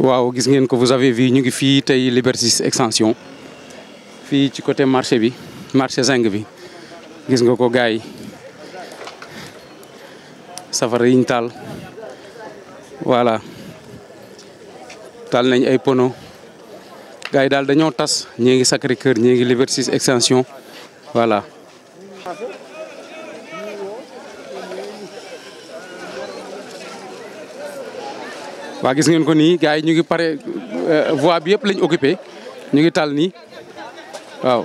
waaw gis ngeen ko vous avez vu ñu ngi fii tey Liberté 6 extension fii ci côté marché bi marché zinc bi gis nga ko gars yi safara yiñ taal voilà taal nañ ay pono gars yi daal dañoo tas ñii ngi Sacré Cœur ñii ngi Liberté 6 extension voilà waa gis ngeen ko nii gars yi ñu ngi pare euh, voie bi yëpp lañ occupé ñu ngi tal nii waaw.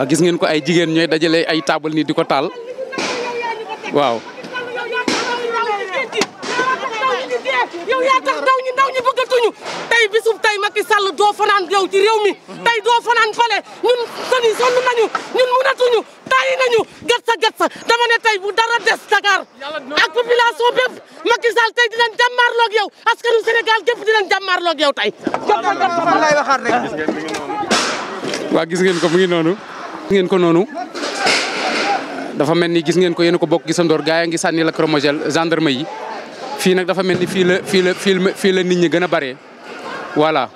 waaw gis ngeen ko ay jigéen ñooy dajale ay taabal ni di ko taal waaw. yow yaa tax ndaw ñi ndaw ñi bëggatuñu tey bisub tey Macky doo fanaan yow ci réew mi tey doo fanaan fale ñun soni sonn nañu ñun mënatuñu tàyyi nañu gat sa dama ne tey bu dara des Dakar ak population bépp Macky tey dinañ jàmmaarloog yow askanu Sénégal gépp dinañ jàmmaarloog yow tey. lay waxaat rek. waa gis ngeen ko mu ngi noonu. gis ngeen ko noonu dafa mel ni gis ngeen ko yéen ko bokk gisandoor gaa yi ngi sànni lacrymogène gendarme yi fii nag dafa mel ni fii la fii la fii la nit ñi gën a bare voilà.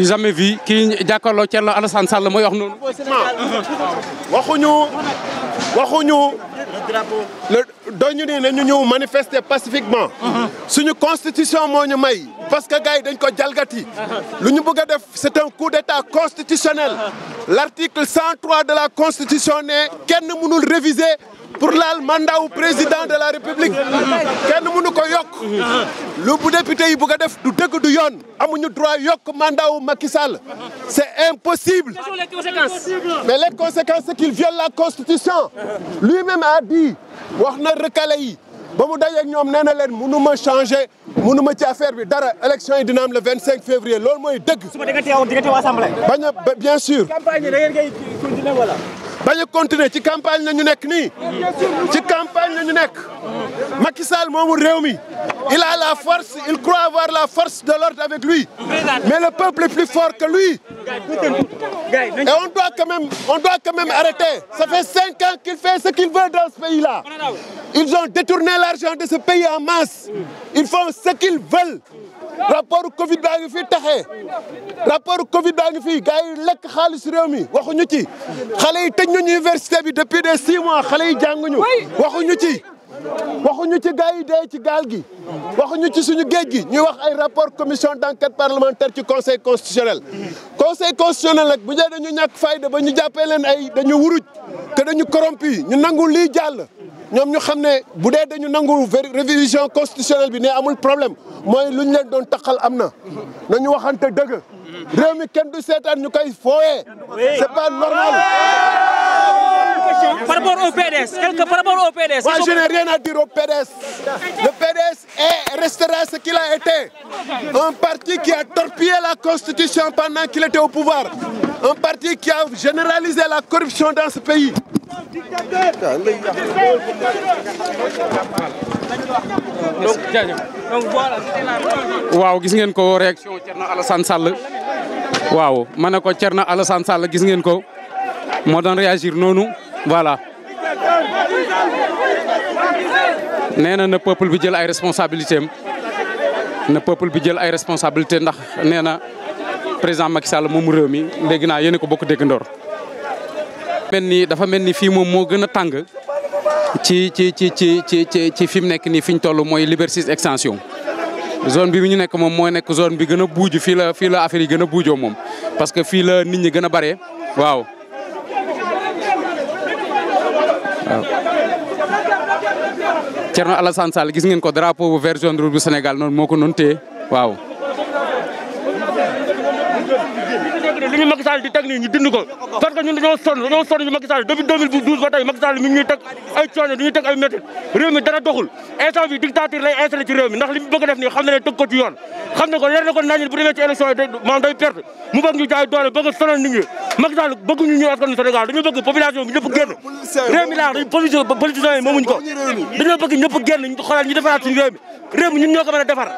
du jamais vu kii jàkkaarloo Thierno Alassane Sall mooy wax noonu. waxuñu waxuñu. le doñu ni ne ñu ñëw manifester pacifiquement. suñu constitution moo ñu may. parce que gars dañ ko jalgati. lu ñu bëgg def c' coup d' constitutionnel. l' de la constitution ne kenn mënul réviser. pour laal mandat wu président de la république kenn mënu ko yokk lu bu député yi bëgg a def du dëgg du yoon amuñu droit yokk mandat wu Macky Sall c'est impossible mais les conséquences c'est qu'il viole la constitution lui-même a dit wax na recalé yi ba mu dajeeg ñoom nee na leen munu ma changé munu ma ci affaire bi dara élection yi le 25 février loolu mooy dëgg. suba da bien sûr. campagne yi da ci campagne la ñu nekk nii. ci campagne la ñu nekk. Macky Sall moomu réew mi. il a la force il croit avoir la force de l'ordre avec lui. mais le peuple est plus fort que lui. et on doit quand même on doit arrêter. ça fait cinq ans qu'il fait ce qu'il veut dans ce pays-là. ils ont détourné la. l'argent de ce pays en masse ils faut sekil qu'ils veulent rapport Covid baa ngi fi taxee rapport Covid baa ngi fi gars yi lekk xaalis réew mi waxuñu ci xale yi tëj nañu université bi depuis des six mois xale yi jànguñu waxuñu ci waxuñu ci gars yi dee ci gaal gi waxuñu ci suñu géej gi ñuy wax ay rapport commission d'enquête parlementaire ci conseil constitutionnel conseil constitutionnel nag bu ñu dañu ñàkk fayda ba ñu jàppee leen ay dañu wuruj te dañu corrompu ñu nangu lii jàll ñoom ñu xam ne bu dee dañu nangu révision constitutionnelle bi ne amul problème mooy lu ñu leen doon taxal am na nañu waxante dëgg réew mi kenn du seetaan ñu koy fooyee c'est pas normal par rapport au PDS quelque par rapport au PDS moi je n'ai rien à dire au PDS le PDS est restera ce qu'il a été un parti qui a torpillé la constitution pendant qu'il était au pouvoir un parti ki a généralisé la corruption dans ce pays waaw gis ngeen ko réaction na Alassane Sall waaw ma ne ko Thierno Alassane Sall gis ngeen ko moo doon réagir noonu voilà nee na na peuple bi jël ay responsabilité am na peuple bi jël ay responsabilité ndax nee na président Macky Sall moomu réew mi dégg naa yéen ko bokk dégg mel ni dafa mel ni fii moom moo gën a tàng ci ci ci ci ci ci fi mu nekk nii fi ñu toll mooy Liberté 6 extension zone bi mu ñu nekk moom moo nekk zone bi gën a buuj fii la fii la affaire yi gën a buujoo moom parce que fii la nit ñi gën a bare waaw. waaw Thierno Alassane gis ngeen ko drapeau bu vert bu Sénégal noonu moo ko noonu téye waaw. li ñu Macky di teg nii ñu dind ko parce que ñun ñu Macky Sall depuis 2012 ba tey Macky mi ngi teg ay coono di ñuy teg ay métti réew dara doxul instant bi dictature lay installé ci réew mi li mu bëgg def nii xam na ne tëg ko ci yoon xam na ko leer na ko nañu bu demee ci élection yi day perte mu bëgg ñu jaay doole bëgg a sonal nit ñi Macky Sall bëgguñu ñu askanu Sénégal dañoo bëgg population bi ñëpp génn réew mi laa dañ politiciens yi moomuñu ko dañoo bëgg ñëpp génn ñu xoolaat ñu defaraat suñu réew mi réew mi ñun ñoo ko mën a defar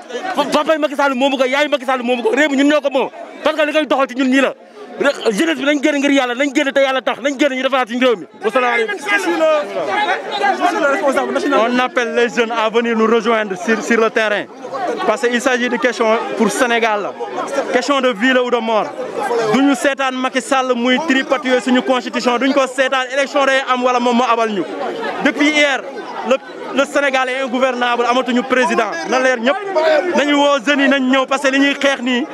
papay Macky Sall moomu ko yaayu Macky Sall moomu ko réew mi ñun ñoo ko moom parce que li koy doxal ci ñun ñii la jeunesse bi nañ génn ngir yàlla nañ génn te yàlla tax nañ génn ñu defaraat ci réew mi. wasalaamaaleykum. je suis le responsable national. on appelle les jeunes à venir nous rejoindre sur sur le terrain parce que il s'agit de question pour Sénégal la question de vie la ou de mort duñu seetaan Macky Sall muy tripatouiller suñu constitution duñ ko seetaan élection day am wala moom moo abal ñu depuis hier le. le Sénégal est ingouvernable amatuñu président na leer ñëpp nañu woo jeunes yi nañ ñëw parce que li xeex nii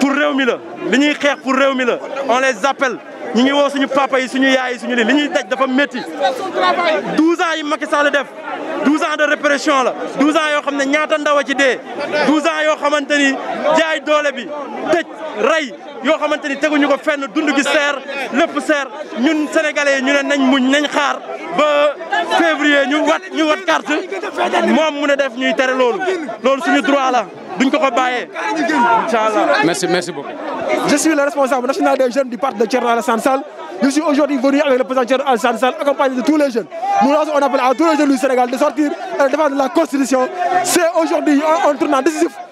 pour réew mi la li xeex pour réew mi la on les appelle ñu ngi woo suñu papa yi suñu yaay yi suñu li li ñuy daj dafa métti 12 ans yi Macky Sall def 12 ans de répression la 12 ans yoo xam ne ñaata ndaw a ci dee 12 ans yoo xamante ni jaay doole bi tëj rey yoo xamante ni teguñu ko fenn dund gi seer lépp seer ñun sénégalais yi ñu ne nañ muñ nañ xaar ba février ñu wat ñu wat carte moom mu ne def ñuy tere loolu loolu suñu droit la duñ ko ko bàyyee. incha allah merci merci beaucoup. le responsable national des jeunes du parti de Thierno Alassane Sall. Je aujourd'hui venu avec le président Thierno Alassane Sall, accompagné de tous les jeunes. Nous lançons à tous les jeunes du Sénégal de sortir et défendre la Constitution. C'est aujourd'hui un, un décisif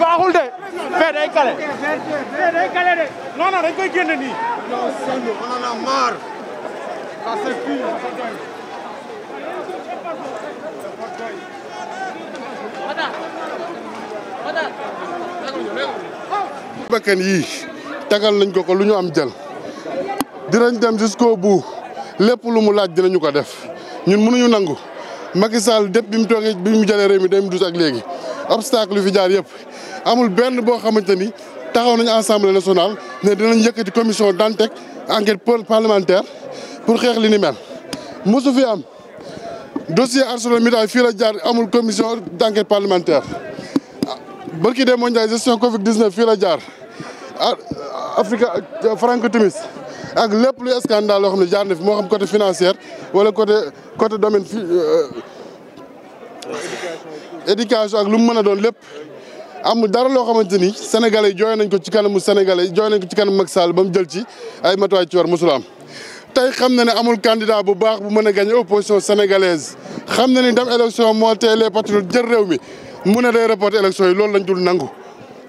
baaxul de fee day kale. fee day kale de non nañ ko lu ñu am jal dinañ dem jusqu'au bout lépp lu mu laaj dinañu ko def ñun mënuñu nangu. Macky Sall dépp bi mu toogee bi mu jëlee réew mi 2012 ak léegi obstacle yu fi jaar yëpp amul benn boo xamante ni taxaw nañu assemblée nationale ne dinañ yëkkati commission d'enquête enquête parlementaire pour xeex li ni mel. mosu fi am dossier ArcelorMittal fii la jaar amul commission d'enquête parlementaire barki de mondial gestion Covid 19 fii la jaar Africa Franck Timis ak lépp lu scandale loo xam ne jaar na fi moo xam côté financière wala côté côté domaine fi euh, éducation ak lu mu mën a doon lépp amul dara loo xamante ni sénégalais yi nañ ko ci kanamu sénégalais yi jooy nañ ko ci kanam Macky saal ba mu jël ci ay matuwaay ci war mosul am tey xam na ne amul candidat bu baax bu mën a gagné opposition sénégalaise xam ne ni dem élection moo tee les patriotes jël réew mi mu ne day reporté élection yi loolu lañ dul nangu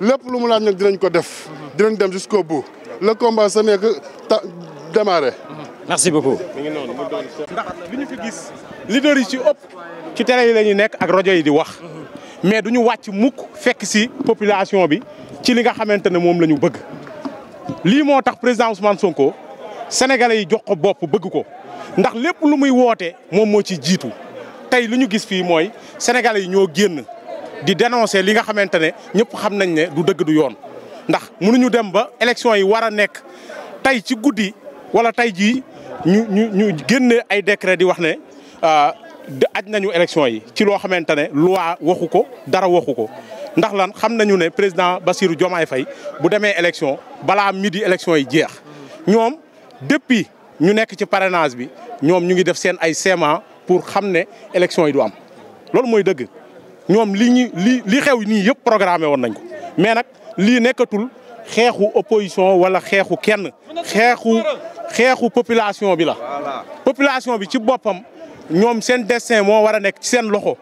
lépp lu mu laa nag dinañ ko def dinañ démarrer. merci beaucoup. ndax li ñu fi gis leader yi ci ëpp ci télé yi la ñuy nekk ak rajo yi di wax mais du ñu wàcc mukk fekk si population bi ci li nga xamante ne moom la ñu bëgg. lii moo tax président Ousmane Sonko sénégale yi jox ko bopp bëgg ko ndax lépp lu muy woote moom moo ci jiitu tey li ñu gis fii mooy sénégalais yi ñoo génn di dénoncer li nga xamante ne ñëpp xam nañ ne du dëgg du yoon ndax mënuñu dem ba élection yi war a nekk. tey ci guddi wala tey jii ñu ñu ñu génne ay décret di wax ne euh, aj nañu élection yi ci loo xamante ne loi waxu ko dara waxu ko. ndax lan xam nañu ne président Bassirou Diomaye Faye bu demee élection balaa di élection yi jeex ñoom depuis ñu nekk ci parrainage bi ñoom ñu ngi def seen ay séments pour xam ne élection yi du am loolu mooy dëgg ñoom li ñu li li xew nii yëpp programmé woon nañ ko mais nag lii nekkatul. xeexu opposition wala xeexu kenn xeexu xeexu population bi la. population bi ci boppam ñoom seen destin moo war a nekk ci seen loxo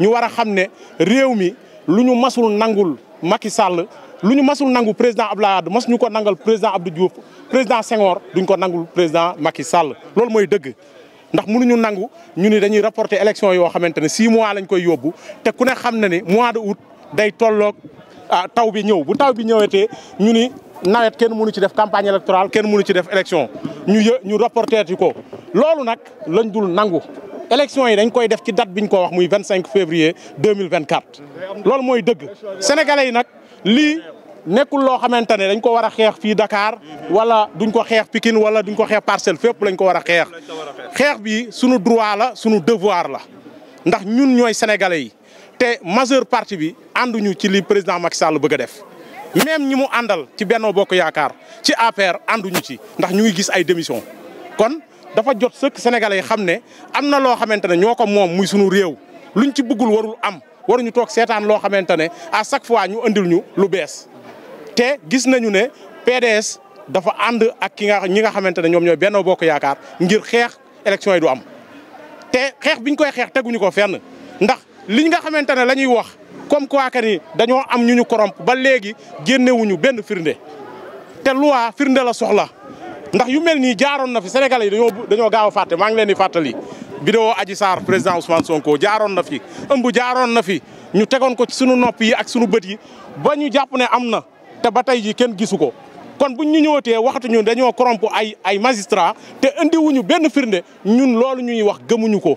ñu war a xam ne réew mi lu ñu masul nangul maki Sall lu ñu masul nangu président Abdoulaye Wade mas ñu ko nangal président Abdou Diouf président Senghor duñ ko nangul président maki Sall loolu mooy dëgg. ndax mënuñu nangu ñu ni dañuy reporter élection yoo xamante ne six mois lañ koy yóbbu te ku ne xam na ne mois de août day tolloog ah taw bi ñëw bu taw bi ñëwetee ñu ni nawet kenn mënu ci def campagne électorale kenn mënu ci def élection ñu yë ñu reporté ko loolu nag lañ dul nangu élection yi dañ koy def ci date biñ ko wax muy 25 février 2024. loolu mooy dëgg sénégale yi nag lii nekkul loo xamante ne dañ ko war a xeex fii Dakar wala duñ ko xeex Pikine wala duñ ko xeex Parcelles fépp lañ ko war a xeex xeex bi suñu droit la sunu devoir la ndax ñun ñooy sénégalais yi. te majeure partie bi ànduñu ci li président Macky Sall bëgg a def même ñi mu àndal ci Benno Bokk Yaakaar ci APR ànduñu ci ndax ñu ngi gis ay démission kon dafa jot sëkk sénégale yi xam ne am na loo xamante ne ñoo ko moom muy sunu réew lu ñu ci bëggul warul am waruñu toog seetaan loo xamante ne à chaque fois ñu andil ñu lu bees te gis nañu ne PDS dafa ànd ak ki nga ñi nga xamante ne ñoom ñooy Benno Bokk Yaakaar ngir xeex élection yi du am te xeex biñ koy xeex teguñu ko fenn ndax li nga xamante ne la wax comme quoi que ni dañoo am ñu ñu corrompre ba léegi génnewuñu benn firnde te loi firnde la soxla ndax yu mel nii jaaroon na fi Sénégalais yi dañoo dañoo gaaw a fàtte maa ngi leen di fàttali. vidéo Adji Sarr président Ousmane Sonko jaaroon na fi ëmb jaaroon na fi ñu tegoon ko ci sunu nopp yi ak sunu bët yi ba ñu jàpp ne am na te ba tey ji kenn gisu ko. kon buñ ñu ñëwatee waxatuñu dañoo koromp ay ay magistrat te indiwuñu benn firnde ñun loolu ñuy wax gëmuñu ko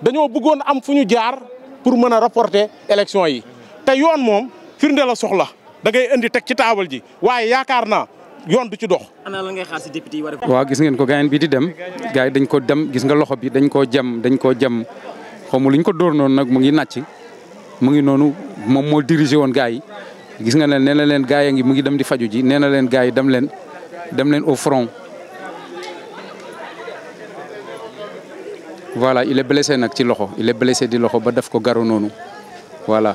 bëggoon am fu ñu jaar. pour mën a reporter élection yi te yoon moom firnde la soxla da ngay indi teg ci taabal ji waaye yaakaar naa yoon du ci dox. ana lan ngay xaar si député yi war waaw gis ngeen ko gayan bi di dem gars yi dañ ko dem gis nga loxo bi dañ koo jam dañ koo jam xaw ma ko dóor noonu nag mu ngi nàcc mu ngi noonu moom moo dirigé woon gars yi gis nga ne nee na leen gars yi mu ngi dem di faju ji nee na leen gars yi dem dem leen au front. voilà il est blessé nag ci loxo il est di loxo ba def ko garu noonu voilà.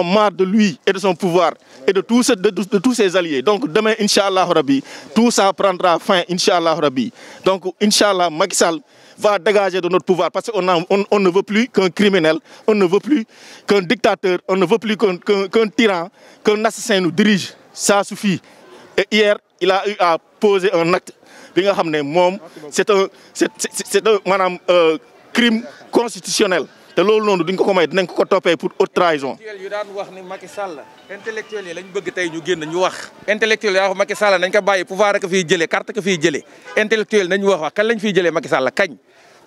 en ont marre de lui et de son pouvoir et de tous, de, de, de ses alliés. demain, Inch'Allah Rabbi, tout ça prendra fin, Inch'Allah Rabbi. Donc Inch'Allah, Macky va dégager de notre pouvoir parce qu'on on, ne veut plus qu'un criminel, on ne veut plus qu'un dictateur, on ne veut plus qu'un qu qu tyran, qu'un assassin nous dirige. Ça suffit. hier, il a eu à poser un acte bi nga xam ne moom c'est un euh, crime constitutionnel te loolu noonu duñ ko ko may dinañ ko ko toppee pour haute trahison. intellectuel yu daan wax ni yi lañ bëgg tey ñu génn ñu wax. intellectuel yaa wax Macky Sall nañ ko bàyyi pouvoir ak fiy jëlee carte ak fiy jëlee intellectuel nañ wax wax kan lañ fiy jëlee Macky Sall kañ.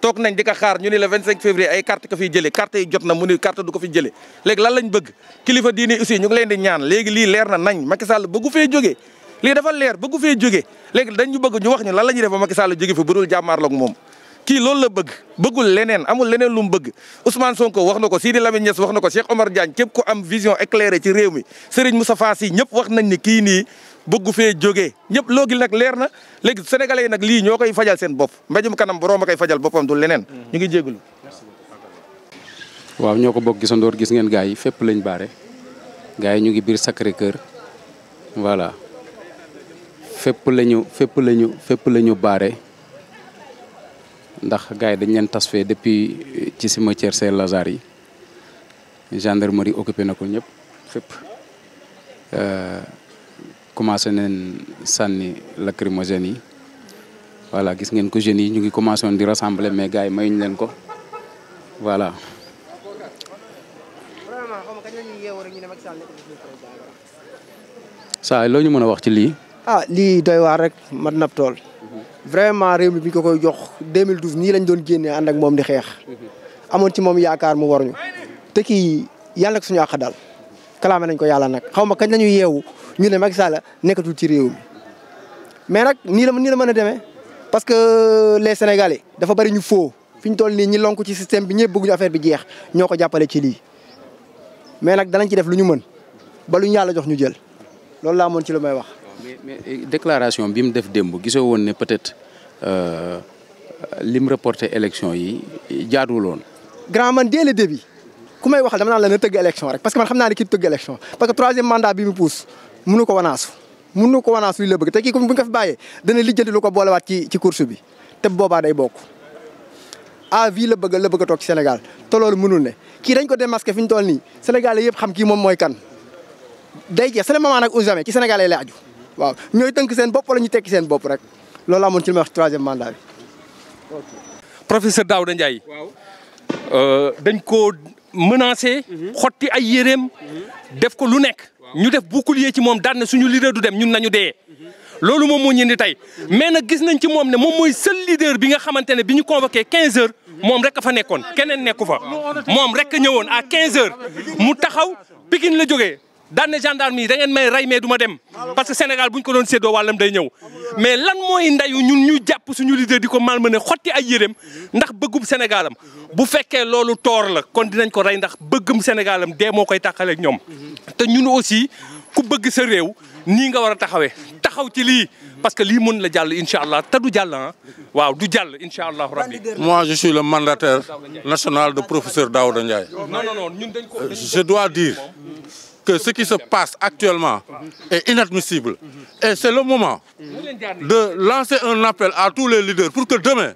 toog nañ di ko xaar ñu ni le 25 février ay carte ko fiy jëlee carte yi jot na mu ni carte du ko fi jëlee léegi lan lañ bëgg kilifa diini aussi ñu ngi leen di ñaan léegi li leer na nañ Macky Sall bëggu fee jógee lii dafa leer bëggu fee jógee ñu bëgg ñu wax ñu la ñuy def ba Macky Sall jóge fi bu dul jàmmaarloog kii loolu la bëgg bëggul leneen amul leneen lu mu bëgg Ousmane Sonko wax na ko Sidi Lamine Niass wax na ko Cheikh Omar Diagne képp ku am vision éclairée ci réew mi Serigne Moustapha Sy ñëpp wax nañ ni kii nii bëggu fee jógee ñëpp loo gi nag leer na léegi sénégalais yi nag lii ñoo koy fajal seen bopp mbéjum kanam borom a koy fajal boppam du leneen. ñu ngi jégalu. waaw ñoo ko bokk gisandoor gis ngeen gars yi fépp lañ baare gars ñu ngi biir Sacré Cœur voilà fépp lañu fépp lañu fépp lañu baare ndax gars yi dañ leen tas fee depuis euh, ci cimetière Saint-Lazare yi gendarmerie occupé na ko ñëpp fépp euh, commencé neen sànni lacrymogène yi voilà gis ngeen ko jeunes yi ñu ngi commencé woon di rassembler mais gars yi mayuñ leen ko voilà saa loo ñu mën a wax ci lii ah lii doy waar rek mat nab tool vraiment réew mi bi ñu ko koy jox 2012 nii lañ doon génnee ànd ak moom di xeex. amoon ci moom yaakaar mu war ñu. te kii yàlla ak suñu àq daal kalaame nañ ko yàlla nag xaw ma kañ la ñuy yeewu ñu ne Macky Sall nekkatul ci réew mi mais nag nii la nii la mën a demee parce que euh, les Sénégalais dafa bari ñu foo fi ñu toll nii ñi lonk ci système bi ñëpp bëgguñu affaire bi jeex ñoo ko jàppale ci lii mais nag danañ ci def lu ñu mën balu lu ñu yàlla jox ñu jël loolu laa moon ci lu may wax. mais mais déclaration bi mu def démb gisoo woon ne peut-être euh, lim reporté élection yi jaaduwul woon. grand man dès le début ku may waxal dama naan la na tëgg élection rek parce que man xam naa ne kii tëgg élection parce que troisième mandat bi mu pousse mënu ko wanaasu mënu ko wanaasu li la bëgg te kii comme bu ñu ko fi bàyyee dana lijjanti ko boolewaat ci ci course bi te boobaa day bokk. à vie la bëgg la bëgg toog ci Sénégal te loolu mënul ne kii dañ ko démasqué fi ñu toll nii Sénégalais yëpp xam kii moom mooy kan day ci Sénégalais lay aju. waaw ñooy tënk seen bopp wala ñu tekki seen bopp rek loolu amoon ci li may wax troisième mandat bi. professeur Daouda Ndiaye. waaw euh, dañ koo menacé. Mhm. xotti ay yéreem. Mhm. def ko lu nekk. ñu def bouclier ci moom daan ne suñu leader du dem ñun nañu dee. Mhm. loolu moom moo ñu indi tey mais nag gis nañ ci moom ne moom mooy seul leader bi nga xamante ne bi ñu convoqué 15 heures moom rek a fa nekkoon keneen nekku fa moom rek a ñëwoon à 15 heures ah, mu taxaw Pikine la jógee. daan ne gendarme da ngeen may rey mais du ma dem parce que Sénégal bu ñu ko doon séddoo wàllam day ñëw mais lan mooy ndayu ñun ñu jàpp suñu leader di ko malmené xotti ay yéreem ndax bëggum Sénégalam bu fekkee loolu toor la kon dinañ ko rey ndax bëggum Sénégalam dee moo koy tàqaleeg ñoom te ñun aussi ku bëgg sa réew nii nga war a taxawee taxaw ci lii parce que lii mën la jàll incha allah te du jàll ah waaw du jàll incha allah rabbi. moi je suis le mandataire national de professeur Daouda Ndiaye. non non non dañ ko euh, je dois que ce qui se passe actuellement est inadmissible. Et c'est le moment de lancer un appel à tous les leaders pour que demain,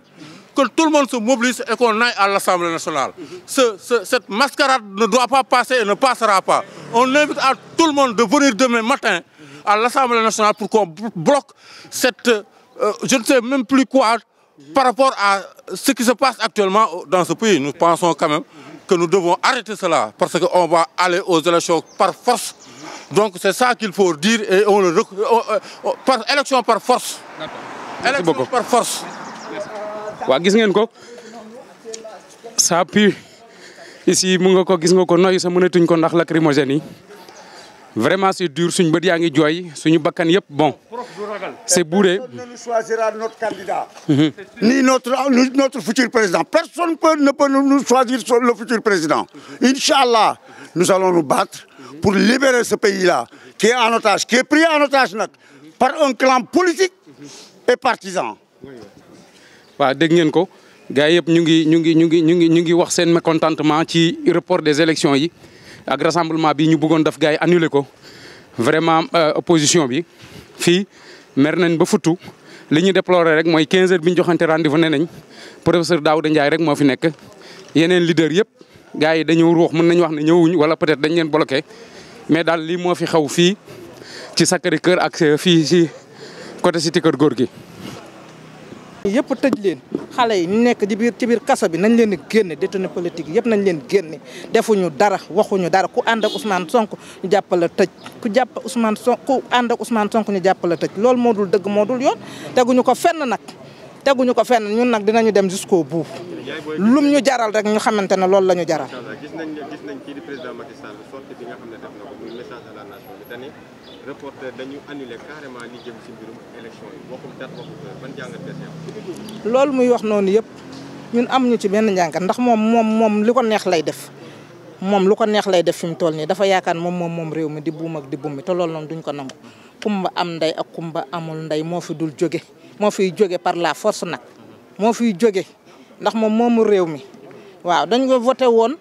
que tout le monde se mobilise et qu'on aille à l'Assemblée nationale. cette mascarade ne doit pas passer et ne passera pas. On invite à tout le monde de venir demain matin à l'Assemblée nationale pour qu'on bloque cette, euh, je ne sais même plus quoi, par rapport à ce qui se passe actuellement dans ce pays. Nous pensons quand même que nous devons arrêter cela parce qu'on va aller aux élections par force. Donc c'est ça qu'il faut dire et on le euh, par élection par force. élection par force. waa gis ngeen ko ça pue ici mu nga ko gis nga ko noyyi sa mënatuñ ko ndax lacrymogène yi. vraiment c'est dur suñu bët yaa ngi jooy suñu bakkan yëpp bon c'est bourré. personne ne choisira notre candidat. Mhm. ni notre notre futur président personne peut ne peut nous choisir le futur président. incha allah nous allons nous battre pour libérer ce pays là qui est en otage qui est pris en otage nag par un clan politique et partisan. waaw dégg ngeen ko gars yëpp ñu ngi ñu ngi ñu ngi ñu ngi ñu ngi wax seen mécontentement ci report des élections yi. ak rassemblement bi ñu buggoon def gars yi annulé ko vraiment euh, opposition bi fii mer nañ ba futtu li ñu déploré rek mooy quinze heures bi ñu joxante rendez-vous ne nañ professeur Daouda Ndiaye rek moo fi nekk yeneen leader yëpp gars yi dañu ruux mën nañu wax ne ñëwuñ wala peut-être dañ leen bloqué mais daal lii moo fi xaw fii ci Sacré-Cœur ak fii ci côté Cité Keur Gorgui yëpp tëj leen xale yi nekk ci biir ci biir kaso bi nañ leen di génne détenu politique yëpp nañ leen génne defuñu dara waxuñu dara ku ànd ak sonk ñu jàppale tëj ku jàpp usmaan Sonko ku ànd ak Ousmane ñu jàppale tëj lool moo dul dëgg moo dul yoon teguñu ko fenn nag teguñu ko fenn ñun nag dinañu dem jusqu'au bout lum ñu jaral rek ñu xamante ne loolu la ñu jaral. reporter dañu annuler carrément muy wax noonu yëpp ñun am ñu ci benn njàngat ndax moom moom moom li ko neex lay def moom lu ko neex lay def fi mu toll nii dafa yaakaar moom moom moom réew mi di buum ak di mi te loolu noonu duñ ko nangu. kumba am ndey ak kumba amul ndey moo fi dul jóge moo fiy jóge par la force nag moo fiy jóge ndax moom moomu réew mi waaw dañ ko voté woon.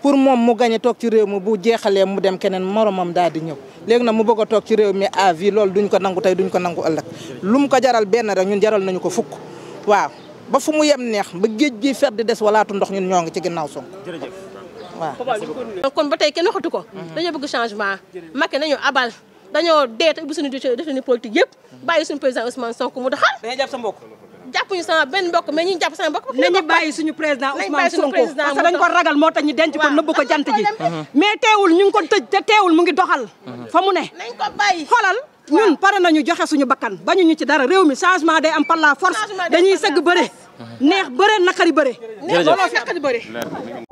pour moom mu gañe toog ci réew mi bu jeexalee mu dem keneen moromam daal di ñëw léegi nag mu bëgg toog ci réew mi à vie loolu duñ ko nangu tey duñ ko nangu ëllëg lu mu ko jaral benn rek ñun jaral nañu ko fukk waaw ba fu mu yem neex ba géej gi fer di des walaatu ndox ñun ñoo ngi ci ginnaaw Sonko waaw kon ba tey kenn waxatu ko mm-hmm. dañoo bëgg changement Macky nañu abal dañoo dee te ubbi suñu détenu politique yëpp bàyyi suñu président Ousmane Sonko mu doxal dañuy jàpp sa mbokk jàppuñu sama benn mbokk mais ñu jàpp sama mbokk nañu bàyyi suñu président Ousmane Sonko parce que dañ ko ragal moo tax ñu denc ko nëbb ko jant ji mais teewul ñu ngi ko tëj te teewul mu ngi doxal mhm. fa mu ne nañ ko bàyyi xoolal ñun pare ñu joxe suñu bakkan ba ñu ñu ci dara réew mi changement day am par la force dañuy sëgg bëre neex bëre naqari bëre neex bëre naqari bëre